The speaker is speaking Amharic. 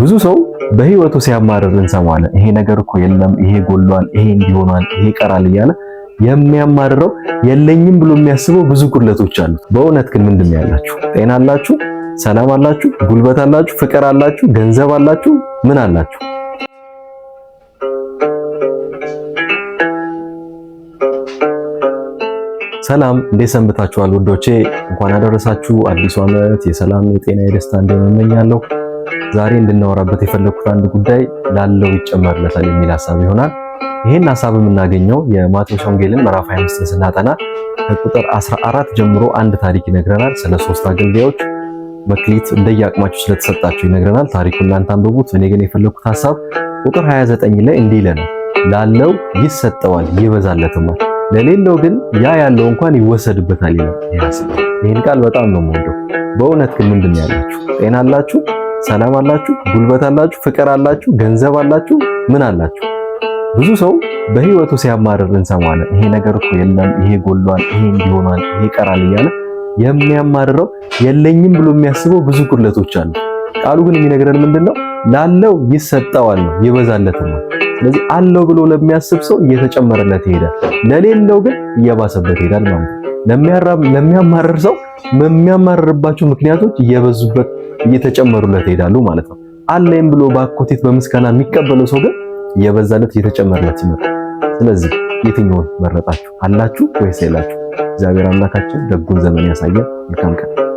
ብዙ ሰው በህይወቱ ሲያማርር እንሰማለን። ይሄ ነገር እኮ የለም፣ ይሄ ጎሏል፣ ይሄ እንዲሆኗል፣ ይሄ ቀራል እያለ የሚያማርረው የለኝም ብሎ የሚያስበው ብዙ ጉድለቶች አሉት። በእውነት ግን ምንድን ያላችሁ? ጤና አላችሁ? ሰላም አላችሁ? ጉልበት አላችሁ? ፍቅር አላችሁ? ገንዘብ አላችሁ? ምን አላችሁ? ሰላም እንዴት ሰንብታችኋል ውዶቼ? እንኳን አደረሳችሁ። አዲሱ ዓመት የሰላም የጤና የደስታ እንደምመኛለሁ። ዛሬ እንድናወራበት የፈለኩት አንድ ጉዳይ ላለው ይጨመርለታል የሚል ሀሳብ ይሆናል። ይህን ሀሳብ የምናገኘው የማቴዎስ ወንጌልን ምዕራፍ 25 ስናጠና ከቁጥር 14 ጀምሮ አንድ ታሪክ ይነግረናል። ስለ ሶስት አገልጋዮች መክሊት እንደየአቅማቸው ስለተሰጣቸው ይነግረናል። ታሪኩ እናንተ አንብቡት። እኔ ግን የፈለኩት ሀሳብ ቁጥር 29 ላይ እንዲህ ይለናል፣ ላለው ይሰጠዋል ይበዛለትማል፣ ለሌለው ግን ያ ያለው እንኳን ይወሰድበታል ይላል። ይህን ቃል በጣም ነው የምወደው። በእውነት ግን ምንድን ያላችሁ ጤና አላችሁ? ሰላም አላችሁ፣ ጉልበት አላችሁ፣ ፍቅር አላችሁ፣ ገንዘብ አላችሁ፣ ምን አላችሁ? ብዙ ሰው በህይወቱ ሲያማርር እንሰማለን። ይሄ ነገር እኮ የለም፣ ይሄ ጎሏል፣ ይሄ እንዲሆናል፣ ይሄ ቀራል እያለ የሚያማርረው የለኝም ብሎ የሚያስበው ብዙ ጉድለቶች አሉ። ቃሉ ግን የሚነግረን ምንድነው? ላለው ይሰጠዋል ነው፣ ይበዛለትም ነው። ስለዚህ አለው ብሎ ለሚያስብ ሰው እየተጨመረለት ይሄዳል፣ ለሌለው ግን እየባሰበት ይሄዳል ማለት ነው። ለሚያማርር ሰው የሚያማርርባቸው ምክንያቶች እየበዙበት እየተጨመሩለት ይሄዳሉ ማለት ነው። አለም ብሎ በአኮቴት በምስጋና የሚቀበለው ሰው ግን እየበዛለት እየተጨመረለት ይመጣ። ስለዚህ የትኛውን መረጣችሁ? አላችሁ ወይስ የላችሁ? እግዚአብሔር አምላካችን ደጉን ዘመን ያሳያል። መልካም ቀን